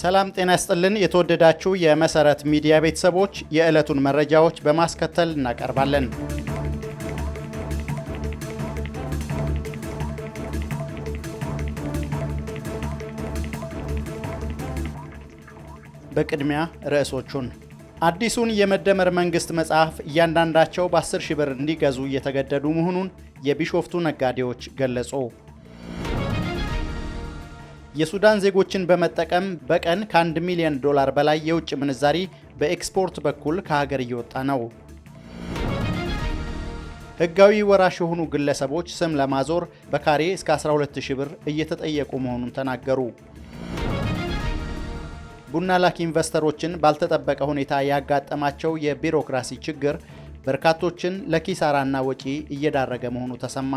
ሰላም ጤና ይስጥልን። የተወደዳችሁ የመሰረት ሚዲያ ቤተሰቦች የዕለቱን መረጃዎች በማስከተል እናቀርባለን። በቅድሚያ ርዕሶቹን አዲሱን የመደመር መንግስት መጽሐፍ እያንዳንዳቸው በ10 ሺ ብር እንዲገዙ እየተገደዱ መሆኑን የቢሾፍቱ ነጋዴዎች ገለጹ። የሱዳን ዜጎችን በመጠቀም በቀን ከ1 ሚሊዮን ዶላር በላይ የውጭ ምንዛሪ በኤክስፖርት በኩል ከሀገር እየወጣ ነው። ሕጋዊ ወራሽ የሆኑ ግለሰቦች ስም ለማዞር በካሬ እስከ 12 ሺህ ብር እየተጠየቁ መሆኑን ተናገሩ። ቡና ላኪ ኢንቨስተሮችን ባልተጠበቀ ሁኔታ ያጋጠማቸው የቢሮክራሲ ችግር በርካቶችን ለኪሳራና ወጪ እየዳረገ መሆኑ ተሰማ።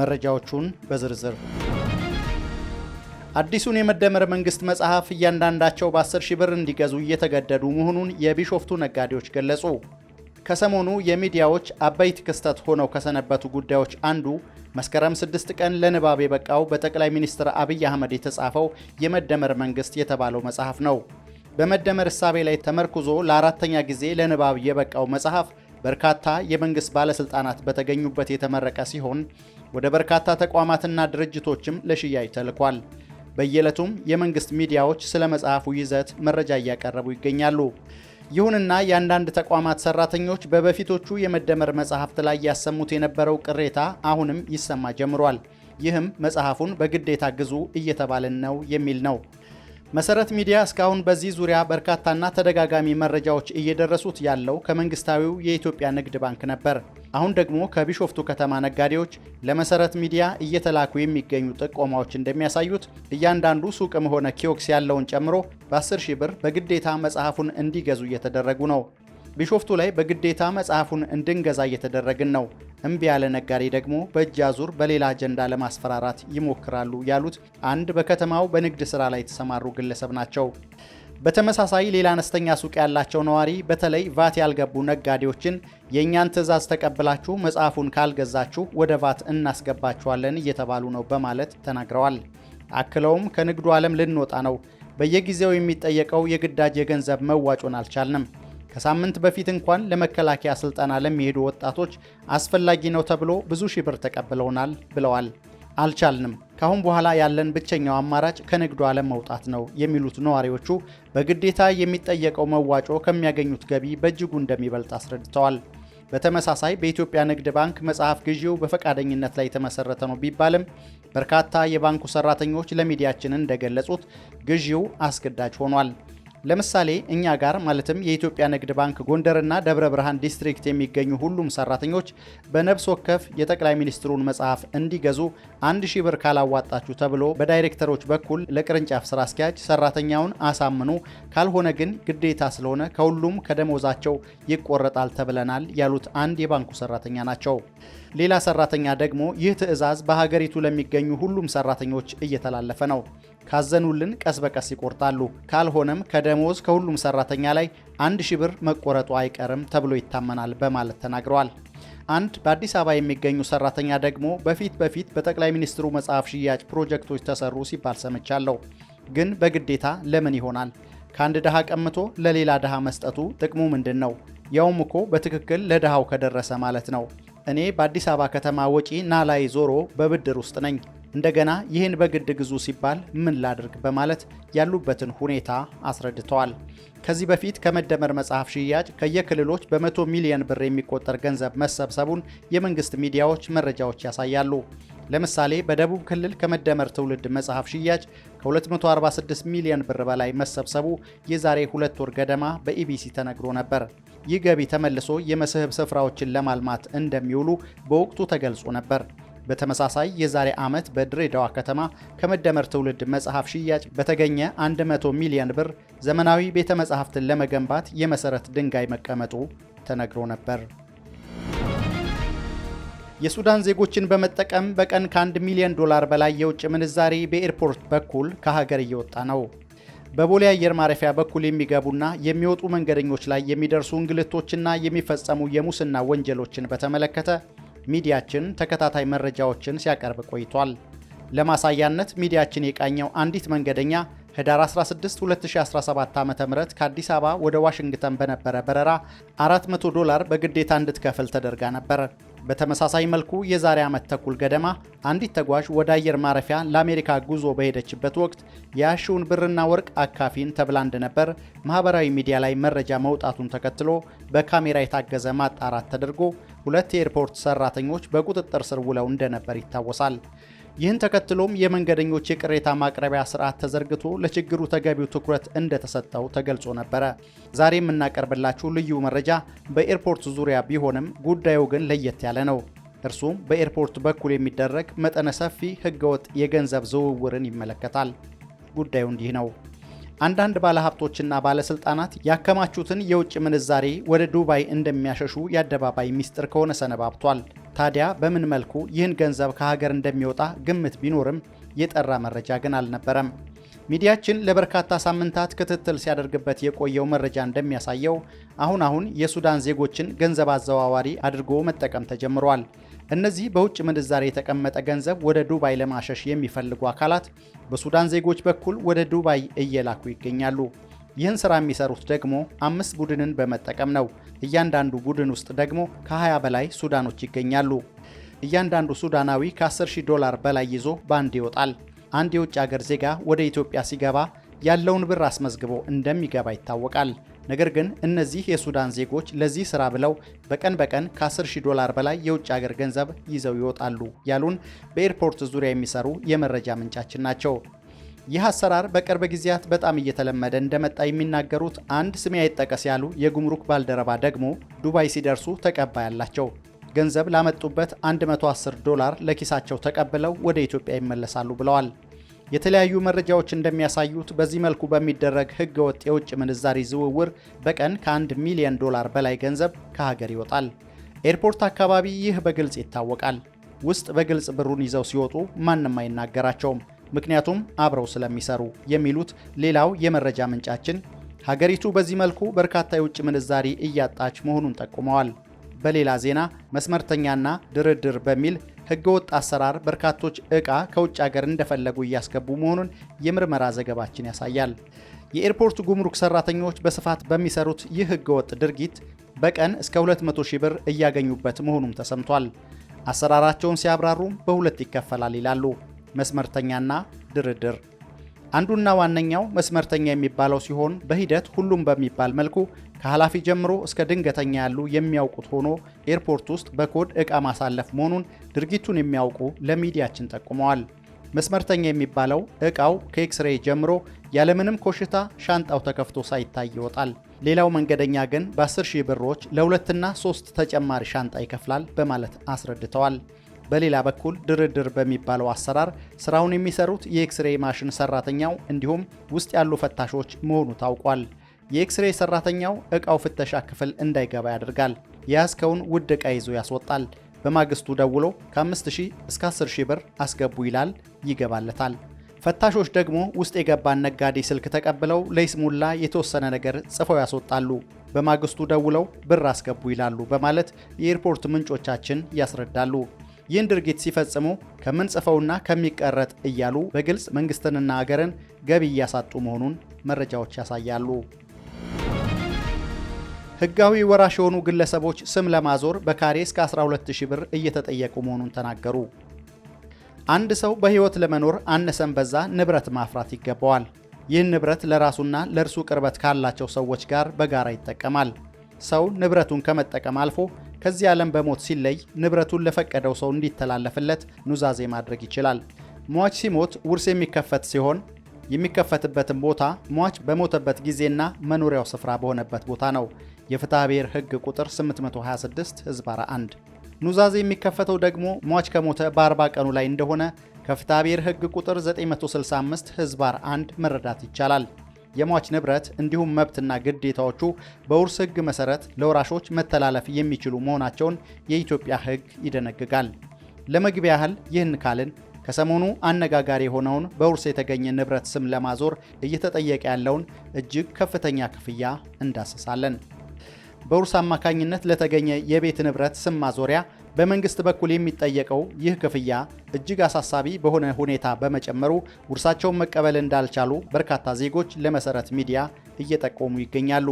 መረጃዎቹን በዝርዝር አዲሱን የመደመር መንግስት መጽሐፍ እያንዳንዳቸው በ10 ሺህ ብር እንዲገዙ እየተገደዱ መሆኑን የቢሾፍቱ ነጋዴዎች ገለጹ። ከሰሞኑ የሚዲያዎች አበይት ክስተት ሆነው ከሰነበቱ ጉዳዮች አንዱ መስከረም 6 ቀን ለንባብ የበቃው በጠቅላይ ሚኒስትር አብይ አህመድ የተጻፈው የመደመር መንግስት የተባለው መጽሐፍ ነው። በመደመር እሳቤ ላይ ተመርኩዞ ለአራተኛ ጊዜ ለንባብ የበቃው መጽሐፍ በርካታ የመንግስት ባለስልጣናት በተገኙበት የተመረቀ ሲሆን ወደ በርካታ ተቋማትና ድርጅቶችም ለሽያጭ ተልኳል። በየዕለቱም የመንግስት ሚዲያዎች ስለ መጽሐፉ ይዘት መረጃ እያቀረቡ ይገኛሉ። ይሁንና የአንዳንድ ተቋማት ሰራተኞች በበፊቶቹ የመደመር መጽሐፍት ላይ ያሰሙት የነበረው ቅሬታ አሁንም ይሰማ ጀምሯል። ይህም መጽሐፉን በግዴታ ግዙ እየተባለን ነው የሚል ነው። መሰረት ሚዲያ እስካሁን በዚህ ዙሪያ በርካታና ተደጋጋሚ መረጃዎች እየደረሱት ያለው ከመንግስታዊው የኢትዮጵያ ንግድ ባንክ ነበር። አሁን ደግሞ ከቢሾፍቱ ከተማ ነጋዴዎች ለመሰረት ሚዲያ እየተላኩ የሚገኙ ጥቆማዎች እንደሚያሳዩት እያንዳንዱ ሱቅም ሆነ ኪዮክስ ያለውን ጨምሮ በ10 ሺህ ብር በግዴታ መጽሐፉን እንዲገዙ እየተደረጉ ነው። ቢሾፍቱ ላይ በግዴታ መጽሐፉን እንድንገዛ እየተደረግን ነው። እምቢ ያለ ነጋዴ ደግሞ በእጅ አዙር በሌላ አጀንዳ ለማስፈራራት ይሞክራሉ ያሉት አንድ በከተማው በንግድ ሥራ ላይ የተሰማሩ ግለሰብ ናቸው። በተመሳሳይ ሌላ አነስተኛ ሱቅ ያላቸው ነዋሪ በተለይ ቫት ያልገቡ ነጋዴዎችን የእኛን ትዕዛዝ ተቀብላችሁ መጽሐፉን ካልገዛችሁ ወደ ቫት እናስገባችኋለን እየተባሉ ነው በማለት ተናግረዋል። አክለውም ከንግዱ ዓለም ልንወጣ ነው፣ በየጊዜው የሚጠየቀው የግዳጅ የገንዘብ መዋጮን አልቻልንም ከሳምንት በፊት እንኳን ለመከላከያ ስልጠና ለሚሄዱ ወጣቶች አስፈላጊ ነው ተብሎ ብዙ ሺህ ብር ተቀብለውናል ብለዋል። አልቻልንም፣ ካሁን በኋላ ያለን ብቸኛው አማራጭ ከንግዱ ዓለም መውጣት ነው የሚሉት ነዋሪዎቹ በግዴታ የሚጠየቀው መዋጮ ከሚያገኙት ገቢ በእጅጉ እንደሚበልጥ አስረድተዋል። በተመሳሳይ በኢትዮጵያ ንግድ ባንክ መጽሐፍ ግዢው በፈቃደኝነት ላይ የተመሰረተ ነው ቢባልም በርካታ የባንኩ ሰራተኞች ለሚዲያችን እንደገለጹት ግዢው አስገዳጅ ሆኗል። ለምሳሌ እኛ ጋር ማለትም የኢትዮጵያ ንግድ ባንክ ጎንደርና ደብረ ብርሃን ዲስትሪክት የሚገኙ ሁሉም ሰራተኞች በነብስ ወከፍ የጠቅላይ ሚኒስትሩን መጽሐፍ እንዲገዙ አንድ ሺህ ብር ካላዋጣችሁ ተብሎ በዳይሬክተሮች በኩል ለቅርንጫፍ ስራ አስኪያጅ ሰራተኛውን አሳምኑ፣ ካልሆነ ግን ግዴታ ስለሆነ ከሁሉም ከደሞዛቸው ይቆረጣል ተብለናል ያሉት አንድ የባንኩ ሰራተኛ ናቸው። ሌላ ሰራተኛ ደግሞ ይህ ትዕዛዝ በሀገሪቱ ለሚገኙ ሁሉም ሰራተኞች እየተላለፈ ነው። ካዘኑልን ቀስ በቀስ ይቆርጣሉ። ካልሆነም ከደሞዝ ከሁሉም ሰራተኛ ላይ አንድ ሺ ብር መቆረጡ አይቀርም ተብሎ ይታመናል በማለት ተናግረዋል። አንድ በአዲስ አበባ የሚገኙ ሰራተኛ ደግሞ በፊት በፊት በጠቅላይ ሚኒስትሩ መጽሐፍ ሽያጭ ፕሮጀክቶች ተሰሩ ሲባል ሰምቻለሁ። ግን በግዴታ ለምን ይሆናል? ከአንድ ድሃ ቀምቶ ለሌላ ድሃ መስጠቱ ጥቅሙ ምንድን ነው? ያውም እኮ በትክክል ለድሃው ከደረሰ ማለት ነው። እኔ በአዲስ አበባ ከተማ ወጪ ናላይ ዞሮ በብድር ውስጥ ነኝ። እንደገና ይህን በግድ ግዙ ሲባል ምን ላድርግ በማለት ያሉበትን ሁኔታ አስረድተዋል። ከዚህ በፊት ከመደመር መጽሐፍ ሽያጭ ከየክልሎች በመቶ ሚሊዮን ብር የሚቆጠር ገንዘብ መሰብሰቡን የመንግስት ሚዲያዎች መረጃዎች ያሳያሉ። ለምሳሌ በደቡብ ክልል ከመደመር ትውልድ መጽሐፍ ሽያጭ ከ246 ሚሊዮን ብር በላይ መሰብሰቡ የዛሬ ሁለት ወር ገደማ በኢቢሲ ተነግሮ ነበር። ይህ ገቢ ተመልሶ የመስህብ ስፍራዎችን ለማልማት እንደሚውሉ በወቅቱ ተገልጾ ነበር። በተመሳሳይ የዛሬ ዓመት በድሬዳዋ ከተማ ከመደመር ትውልድ መጽሐፍ ሽያጭ በተገኘ 100 ሚሊዮን ብር ዘመናዊ ቤተ መጻሕፍትን ለመገንባት የመሠረት ድንጋይ መቀመጡ ተነግሮ ነበር። የሱዳን ዜጎችን በመጠቀም በቀን ከ1 ሚሊዮን ዶላር በላይ የውጭ ምንዛሪ በኤርፖርት በኩል ከሀገር እየወጣ ነው። በቦሌ አየር ማረፊያ በኩል የሚገቡና የሚወጡ መንገደኞች ላይ የሚደርሱ እንግልቶችና የሚፈጸሙ የሙስና ወንጀሎችን በተመለከተ ሚዲያችን ተከታታይ መረጃዎችን ሲያቀርብ ቆይቷል። ለማሳያነት ሚዲያችን የቃኘው አንዲት መንገደኛ ህዳር 16 2017 ዓ.ም ከአዲስ አበባ ወደ ዋሽንግተን በነበረ በረራ 400 ዶላር በግዴታ እንድትከፍል ተደርጋ ነበር። በተመሳሳይ መልኩ የዛሬ ዓመት ተኩል ገደማ አንዲት ተጓዥ ወደ አየር ማረፊያ ለአሜሪካ ጉዞ በሄደችበት ወቅት የያሽውን ብርና ወርቅ አካፊን ተብላ እንደነበር ማህበራዊ ሚዲያ ላይ መረጃ መውጣቱን ተከትሎ በካሜራ የታገዘ ማጣራት ተደርጎ ሁለት የኤርፖርት ሰራተኞች በቁጥጥር ስር ውለው እንደነበር ይታወሳል። ይህን ተከትሎም የመንገደኞች የቅሬታ ማቅረቢያ ስርዓት ተዘርግቶ ለችግሩ ተገቢው ትኩረት እንደተሰጠው ተገልጾ ነበረ። ዛሬ የምናቀርብላችሁ ልዩ መረጃ በኤርፖርት ዙሪያ ቢሆንም ጉዳዩ ግን ለየት ያለ ነው። እርሱም በኤርፖርት በኩል የሚደረግ መጠነ ሰፊ ህገወጥ የገንዘብ ዝውውርን ይመለከታል። ጉዳዩ እንዲህ ነው። አንዳንድ ባለሀብቶችና ባለስልጣናት ያከማቹትን የውጭ ምንዛሬ ወደ ዱባይ እንደሚያሸሹ የአደባባይ ሚስጥር ከሆነ ሰነባብቷል። ታዲያ በምን መልኩ ይህን ገንዘብ ከሀገር እንደሚወጣ ግምት ቢኖርም የጠራ መረጃ ግን አልነበረም። ሚዲያችን ለበርካታ ሳምንታት ክትትል ሲያደርግበት የቆየው መረጃ እንደሚያሳየው አሁን አሁን የሱዳን ዜጎችን ገንዘብ አዘዋዋሪ አድርጎ መጠቀም ተጀምሯል። እነዚህ በውጭ ምንዛሬ የተቀመጠ ገንዘብ ወደ ዱባይ ለማሸሽ የሚፈልጉ አካላት በሱዳን ዜጎች በኩል ወደ ዱባይ እየላኩ ይገኛሉ። ይህን ስራ የሚሰሩት ደግሞ አምስት ቡድንን በመጠቀም ነው። እያንዳንዱ ቡድን ውስጥ ደግሞ ከ20 በላይ ሱዳኖች ይገኛሉ። እያንዳንዱ ሱዳናዊ ከ 10000 ዶላር በላይ ይዞ ባንድ ይወጣል። አንድ የውጭ አገር ዜጋ ወደ ኢትዮጵያ ሲገባ ያለውን ብር አስመዝግቦ እንደሚገባ ይታወቃል። ነገር ግን እነዚህ የሱዳን ዜጎች ለዚህ ስራ ብለው በቀን በቀን ከ10 ሺህ ዶላር በላይ የውጭ አገር ገንዘብ ይዘው ይወጣሉ ያሉን በኤርፖርት ዙሪያ የሚሰሩ የመረጃ ምንጫችን ናቸው። ይህ አሰራር በቅርብ ጊዜያት በጣም እየተለመደ እንደመጣ የሚናገሩት አንድ ስሜ አይጠቀስ ያሉ የጉምሩክ ባልደረባ ደግሞ ዱባይ ሲደርሱ ተቀባይ አላቸው። ገንዘብ ላመጡበት 110 ዶላር ለኪሳቸው ተቀብለው ወደ ኢትዮጵያ ይመለሳሉ ብለዋል። የተለያዩ መረጃዎች እንደሚያሳዩት በዚህ መልኩ በሚደረግ ህገወጥ የውጭ ምንዛሪ ዝውውር በቀን ከ1 ሚሊዮን ዶላር በላይ ገንዘብ ከሀገር ይወጣል። ኤርፖርት አካባቢ ይህ በግልጽ ይታወቃል። ውስጥ በግልጽ ብሩን ይዘው ሲወጡ ማንም አይናገራቸውም፣ ምክንያቱም አብረው ስለሚሰሩ የሚሉት ሌላው የመረጃ ምንጫችን ሀገሪቱ በዚህ መልኩ በርካታ የውጭ ምንዛሪ እያጣች መሆኑን ጠቁመዋል። በሌላ ዜና መስመርተኛና ድርድር በሚል ህገወጥ አሰራር በርካቶች ዕቃ ከውጭ ሀገር እንደፈለጉ እያስገቡ መሆኑን የምርመራ ዘገባችን ያሳያል። የኤርፖርት ጉምሩክ ሰራተኞች በስፋት በሚሰሩት ይህ ህገወጥ ድርጊት በቀን እስከ 200 ሺህ ብር እያገኙበት መሆኑም ተሰምቷል። አሰራራቸውን ሲያብራሩም በሁለት ይከፈላል ይላሉ፣ መስመርተኛና ድርድር። አንዱና ዋነኛው መስመርተኛ የሚባለው ሲሆን በሂደት ሁሉም በሚባል መልኩ ከኃላፊ ጀምሮ እስከ ድንገተኛ ያሉ የሚያውቁት ሆኖ ኤርፖርት ውስጥ በኮድ ዕቃ ማሳለፍ መሆኑን ድርጊቱን የሚያውቁ ለሚዲያችን ጠቁመዋል። መስመርተኛ የሚባለው ዕቃው ከኤክስሬይ ጀምሮ ያለምንም ኮሽታ ሻንጣው ተከፍቶ ሳይታይ ይወጣል። ሌላው መንገደኛ ግን በ10 ሺህ ብሮች ለሁለትና ሶስት ተጨማሪ ሻንጣ ይከፍላል በማለት አስረድተዋል። በሌላ በኩል ድርድር በሚባለው አሰራር ስራውን የሚሰሩት የኤክስሬይ ማሽን ሰራተኛው እንዲሁም ውስጥ ያሉ ፈታሾች መሆኑ ታውቋል። የኤክስሬይ ሰራተኛው እቃው ፍተሻ ክፍል እንዳይገባ ያደርጋል። የያዝከውን ውድ እቃ ይዞ ያስወጣል። በማግስቱ ደውሎ ከ5000 እስከ 10000 ብር አስገቡ ይላል። ይገባለታል። ፈታሾች ደግሞ ውስጥ የገባን ነጋዴ ስልክ ተቀብለው ለይስሙላ የተወሰነ ነገር ጽፈው ያስወጣሉ። በማግስቱ ደውለው ብር አስገቡ ይላሉ በማለት የኤርፖርት ምንጮቻችን ያስረዳሉ። ይህን ድርጊት ሲፈጽሙ ከምንጽፈውና ከሚቀረጥ እያሉ በግልጽ መንግስትንና አገርን ገቢ እያሳጡ መሆኑን መረጃዎች ያሳያሉ። ህጋዊ ወራሽ የሆኑ ግለሰቦች ስም ለማዞር በካሬ እስከ 120 ብር እየተጠየቁ መሆኑን ተናገሩ። አንድ ሰው በህይወት ለመኖር አነሰን በዛ ንብረት ማፍራት ይገባዋል። ይህን ንብረት ለራሱና ለእርሱ ቅርበት ካላቸው ሰዎች ጋር በጋራ ይጠቀማል። ሰው ንብረቱን ከመጠቀም አልፎ ከዚህ ዓለም በሞት ሲለይ ንብረቱን ለፈቀደው ሰው እንዲተላለፍለት ኑዛዜ ማድረግ ይችላል። ሟች ሲሞት ውርስ የሚከፈት ሲሆን የሚከፈትበትን ቦታ ሟች በሞተበት ጊዜና መኖሪያው ስፍራ በሆነበት ቦታ ነው። የፍትሐ ብሔር ሕግ ቁጥር 826 ህዝባራ 1 ኑዛዜ የሚከፈተው ደግሞ ሟች ከሞተ በ40 ቀኑ ላይ እንደሆነ ከፍትሐ ብሔር ሕግ ቁጥር 965 ህዝብ 1 መረዳት ይቻላል። የሟች ንብረት እንዲሁም መብትና ግዴታዎቹ በውርስ ህግ መሰረት ለወራሾች መተላለፍ የሚችሉ መሆናቸውን የኢትዮጵያ ህግ ይደነግጋል። ለመግቢያ ያህል ይህን ካልን ከሰሞኑ አነጋጋሪ የሆነውን በውርስ የተገኘ ንብረት ስም ለማዞር እየተጠየቀ ያለውን እጅግ ከፍተኛ ክፍያ እንዳስሳለን። በውርስ አማካኝነት ለተገኘ የቤት ንብረት ስም ማዞሪያ በመንግስት በኩል የሚጠየቀው ይህ ክፍያ እጅግ አሳሳቢ በሆነ ሁኔታ በመጨመሩ ውርሳቸውን መቀበል እንዳልቻሉ በርካታ ዜጎች ለመሰረት ሚዲያ እየጠቆሙ ይገኛሉ።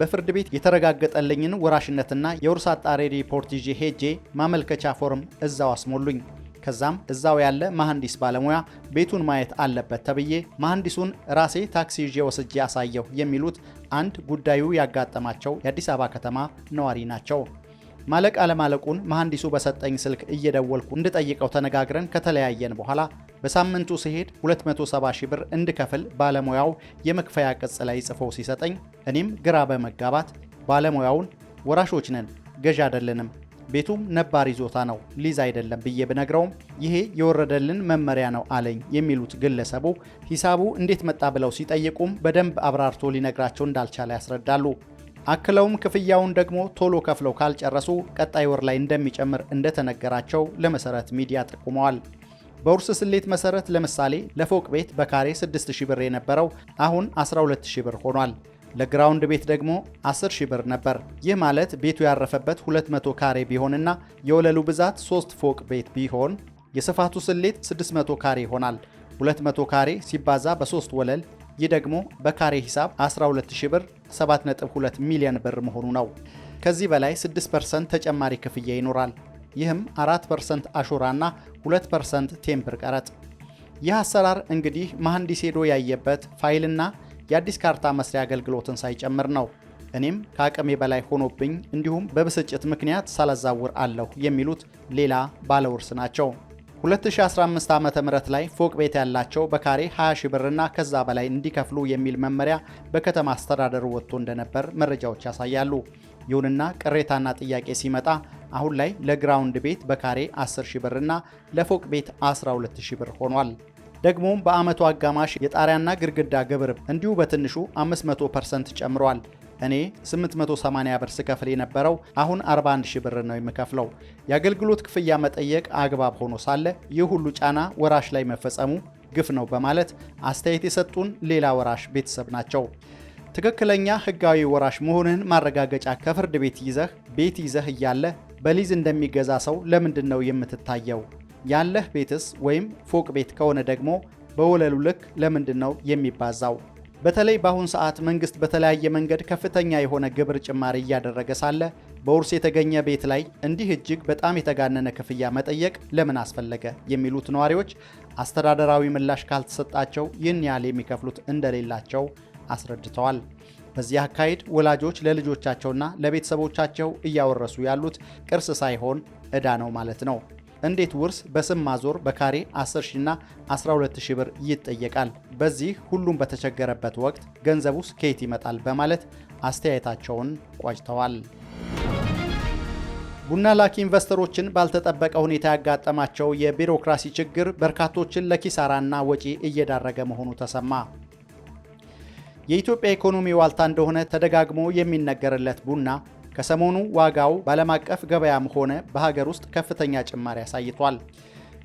በፍርድ ቤት የተረጋገጠልኝን ወራሽነትና የውርስ አጣሪ ሪፖርት ይዤ ሄጄ ማመልከቻ ፎርም እዛው አስሞሉኝ። ከዛም እዛው ያለ መሐንዲስ ባለሙያ ቤቱን ማየት አለበት ተብዬ መሐንዲሱን ራሴ ታክሲ ይዤ ወስጄ አሳየሁ የሚሉት አንድ ጉዳዩ ያጋጠማቸው የአዲስ አበባ ከተማ ነዋሪ ናቸው። ማለቅ አለማለቁን መሐንዲሱ በሰጠኝ ስልክ እየደወልኩ እንድጠይቀው ተነጋግረን ከተለያየን በኋላ በሳምንቱ ሲሄድ 270 ሺህ ብር እንድከፍል ባለሙያው የመክፈያ ቅጽ ላይ ጽፎ ሲሰጠኝ እኔም ግራ በመጋባት ባለሙያውን ወራሾች ነን ገዢ አይደለንም ቤቱም ነባር ይዞታ ነው፣ ሊዝ አይደለም ብዬ ብነግረውም ይሄ የወረደልን መመሪያ ነው አለኝ የሚሉት ግለሰቡ ሂሳቡ እንዴት መጣ ብለው ሲጠይቁም በደንብ አብራርቶ ሊነግራቸው እንዳልቻለ ያስረዳሉ። አክለውም ክፍያውን ደግሞ ቶሎ ከፍለው ካልጨረሱ ቀጣይ ወር ላይ እንደሚጨምር እንደተነገራቸው ለመሰረት ሚዲያ ጠቁመዋል። በውርስ ስሌት መሰረት ለምሳሌ ለፎቅ ቤት በካሬ 6000 ብር የነበረው አሁን 12000 ብር ሆኗል። ለግራውንድ ቤት ደግሞ 10 ሺህ ብር ነበር። ይህ ማለት ቤቱ ያረፈበት 200 ካሬ ቢሆንና የወለሉ ብዛት 3 ፎቅ ቤት ቢሆን የስፋቱ ስሌት 600 ካሬ ይሆናል። 200 ካሬ ሲባዛ በ3 ወለል ይህ ደግሞ በካሬ ሂሳብ 12 ብር 7.2 ሚሊዮን ብር መሆኑ ነው። ከዚህ በላይ 6% ተጨማሪ ክፍያ ይኖራል። ይህም 4% አሹራና 2% ቴምብር ቀረጥ። ይህ አሰራር እንግዲህ መሐንዲስ ሄዶ ያየበት ፋይልና የአዲስ ካርታ መስሪያ አገልግሎትን ሳይጨምር ነው። እኔም ከአቅሜ በላይ ሆኖብኝ እንዲሁም በብስጭት ምክንያት ሳላዛውር አለሁ የሚሉት ሌላ ባለውርስ ናቸው። 2015 ዓ.ም ላይ ፎቅ ቤት ያላቸው በካሬ 20 ሺ ብርና ከዛ በላይ እንዲከፍሉ የሚል መመሪያ በከተማ አስተዳደሩ ወጥቶ እንደነበር መረጃዎች ያሳያሉ። ይሁንና ቅሬታና ጥያቄ ሲመጣ አሁን ላይ ለግራውንድ ቤት በካሬ 10 ሺ ብርና ለፎቅ ቤት 12 ሺ ብር ሆኗል። ደግሞም በዓመቱ አጋማሽ የጣሪያና ግድግዳ ግብር እንዲሁ በትንሹ 500 ፐርሰንት ጨምሯል። እኔ 880 ብር ስከፍል የነበረው አሁን 41 ብር ነው የምከፍለው። የአገልግሎት ክፍያ መጠየቅ አግባብ ሆኖ ሳለ ይህ ሁሉ ጫና ወራሽ ላይ መፈጸሙ ግፍ ነው በማለት አስተያየት የሰጡን ሌላ ወራሽ ቤተሰብ ናቸው። ትክክለኛ ህጋዊ ወራሽ መሆንህን ማረጋገጫ ከፍርድ ቤት ይዘህ ቤት ይዘህ እያለ በሊዝ እንደሚገዛ ሰው ለምንድን ነው የምትታየው? ያለህ ቤትስ ወይም ፎቅ ቤት ከሆነ ደግሞ በወለሉ ልክ ለምንድን ነው የሚባዛው? በተለይ በአሁን ሰዓት መንግስት በተለያየ መንገድ ከፍተኛ የሆነ ግብር ጭማሪ እያደረገ ሳለ በውርስ የተገኘ ቤት ላይ እንዲህ እጅግ በጣም የተጋነነ ክፍያ መጠየቅ ለምን አስፈለገ? የሚሉት ነዋሪዎች አስተዳደራዊ ምላሽ ካልተሰጣቸው ይህን ያህል የሚከፍሉት እንደሌላቸው አስረድተዋል። በዚህ አካሄድ ወላጆች ለልጆቻቸውና ለቤተሰቦቻቸው እያወረሱ ያሉት ቅርስ ሳይሆን ዕዳ ነው ማለት ነው። እንዴት ውርስ በስም ማዞር በካሬ 10ሺና 120 ብር ይጠየቃል? በዚህ ሁሉም በተቸገረበት ወቅት ገንዘቡስ ከየት ይመጣል? በማለት አስተያየታቸውን ቋጭተዋል። ቡና ላኪ ኢንቨስተሮችን ባልተጠበቀ ሁኔታ ያጋጠማቸው የቢሮክራሲ ችግር በርካቶችን ለኪሳራና ወጪ እየዳረገ መሆኑ ተሰማ። የኢትዮጵያ ኢኮኖሚ ዋልታ እንደሆነ ተደጋግሞ የሚነገርለት ቡና ከሰሞኑ ዋጋው በዓለም አቀፍ ገበያም ሆነ በሀገር ውስጥ ከፍተኛ ጭማሪ አሳይቷል።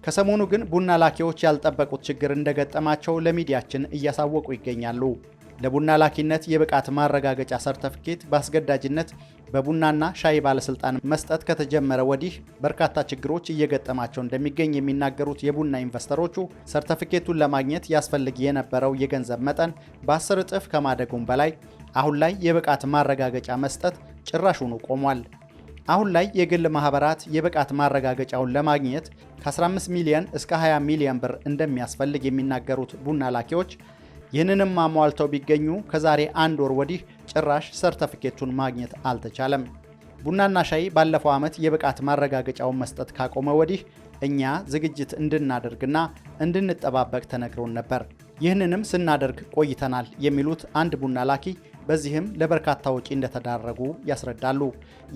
ከሰሞኑ ግን ቡና ላኪዎች ያልጠበቁት ችግር እንደገጠማቸው ለሚዲያችን እያሳወቁ ይገኛሉ። ለቡና ላኪነት የብቃት ማረጋገጫ ሰርተፍኬት በአስገዳጅነት በቡናና ሻይ ባለስልጣን መስጠት ከተጀመረ ወዲህ በርካታ ችግሮች እየገጠማቸው እንደሚገኝ የሚናገሩት የቡና ኢንቨስተሮቹ ሰርተፍኬቱን ለማግኘት ያስፈልግ የነበረው የገንዘብ መጠን በአስር እጥፍ ከማደጉም በላይ አሁን ላይ የብቃት ማረጋገጫ መስጠት ጭራሹኑ ቆሟል። አሁን ላይ የግል ማህበራት የብቃት ማረጋገጫውን ለማግኘት ከ15 ሚሊዮን እስከ 20 ሚሊዮን ብር እንደሚያስፈልግ የሚናገሩት ቡና ላኪዎች ይህንንም አሟልተው ቢገኙ ከዛሬ አንድ ወር ወዲህ ጭራሽ ሰርተፊኬቱን ማግኘት አልተቻለም። ቡናና ሻይ ባለፈው ዓመት የብቃት ማረጋገጫውን መስጠት ካቆመ ወዲህ እኛ ዝግጅት እንድናደርግና እንድንጠባበቅ ተነግሮን ነበር። ይህንንም ስናደርግ ቆይተናል የሚሉት አንድ ቡና ላኪ በዚህም ለበርካታ ወጪ እንደተዳረጉ ያስረዳሉ።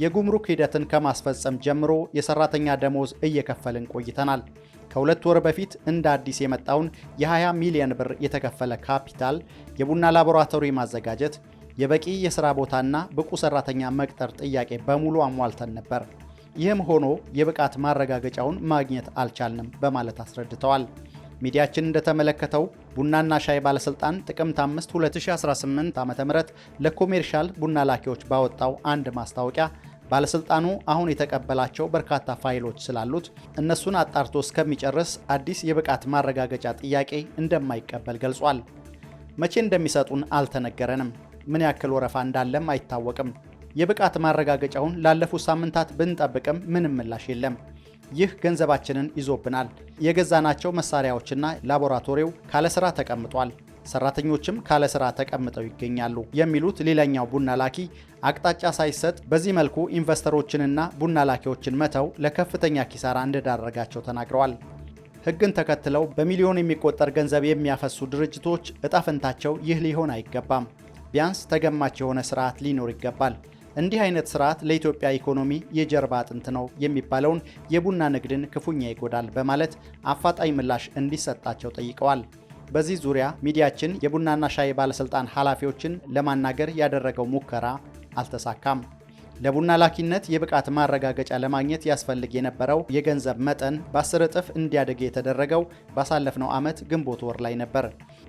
የጉምሩክ ሂደትን ከማስፈጸም ጀምሮ የሰራተኛ ደሞዝ እየከፈልን ቆይተናል። ከሁለት ወር በፊት እንደ አዲስ የመጣውን የ20 ሚሊዮን ብር የተከፈለ ካፒታል፣ የቡና ላቦራቶሪ ማዘጋጀት፣ የበቂ የሥራ ቦታና ብቁ ሰራተኛ መቅጠር ጥያቄ በሙሉ አሟልተን ነበር። ይህም ሆኖ የብቃት ማረጋገጫውን ማግኘት አልቻልንም በማለት አስረድተዋል። ሚዲያችን እንደተመለከተው ቡናና ሻይ ባለስልጣን ጥቅምት 5 2018 ዓ.ም ለኮሜርሻል ቡና ላኪዎች ባወጣው አንድ ማስታወቂያ ባለስልጣኑ አሁን የተቀበላቸው በርካታ ፋይሎች ስላሉት እነሱን አጣርቶ እስከሚጨርስ አዲስ የብቃት ማረጋገጫ ጥያቄ እንደማይቀበል ገልጿል። መቼ እንደሚሰጡን አልተነገረንም። ምን ያክል ወረፋ እንዳለም አይታወቅም። የብቃት ማረጋገጫውን ላለፉት ሳምንታት ብንጠብቅም ምንም ምላሽ የለም። ይህ ገንዘባችንን ይዞብናል። የገዛናቸው መሳሪያዎችና ላቦራቶሪው ካለስራ ተቀምጧል፣ ሰራተኞችም ካለ ስራ ተቀምጠው ይገኛሉ የሚሉት ሌላኛው ቡና ላኪ አቅጣጫ ሳይሰጥ በዚህ መልኩ ኢንቨስተሮችንና ቡና ላኪዎችን መተው ለከፍተኛ ኪሳራ እንደዳረጋቸው ተናግረዋል። ሕግን ተከትለው በሚሊዮን የሚቆጠር ገንዘብ የሚያፈሱ ድርጅቶች እጣ ፈንታቸው ይህ ሊሆን አይገባም። ቢያንስ ተገማች የሆነ ስርዓት ሊኖር ይገባል። እንዲህ አይነት ስርዓት ለኢትዮጵያ ኢኮኖሚ የጀርባ አጥንት ነው የሚባለውን የቡና ንግድን ክፉኛ ይጎዳል በማለት አፋጣኝ ምላሽ እንዲሰጣቸው ጠይቀዋል። በዚህ ዙሪያ ሚዲያችን የቡናና ሻይ ባለስልጣን ኃላፊዎችን ለማናገር ያደረገው ሙከራ አልተሳካም። ለቡና ላኪነት የብቃት ማረጋገጫ ለማግኘት ያስፈልግ የነበረው የገንዘብ መጠን በአስር እጥፍ እንዲያደግ የተደረገው ባሳለፍነው ዓመት ግንቦት ወር ላይ ነበር።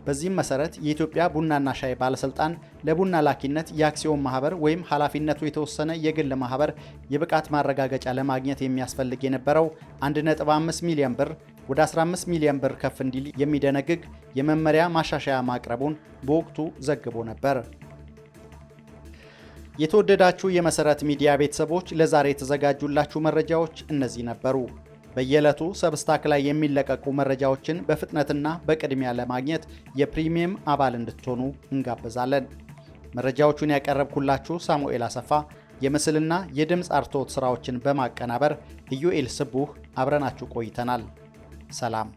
በዚህም መሰረት የኢትዮጵያ ቡናና ሻይ ባለስልጣን ለቡና ላኪነት የአክሲዮን ማህበር ወይም ኃላፊነቱ የተወሰነ የግል ማህበር የብቃት ማረጋገጫ ለማግኘት የሚያስፈልግ የነበረው 1.5 ሚሊዮን ብር ወደ 15 ሚሊዮን ብር ከፍ እንዲል የሚደነግግ የመመሪያ ማሻሻያ ማቅረቡን በወቅቱ ዘግቦ ነበር። የተወደዳችሁ የመሰረት ሚዲያ ቤተሰቦች ለዛሬ የተዘጋጁላችሁ መረጃዎች እነዚህ ነበሩ። በየዕለቱ ሰብስታክ ላይ የሚለቀቁ መረጃዎችን በፍጥነትና በቅድሚያ ለማግኘት የፕሪሚየም አባል እንድትሆኑ እንጋበዛለን። መረጃዎቹን ያቀረብኩላችሁ ሳሙኤል አሰፋ፣ የምስልና የድምፅ አርትዖት ሥራዎችን በማቀናበር ኢዩኤል ስቡህ፣ አብረናችሁ ቆይተናል። ሰላም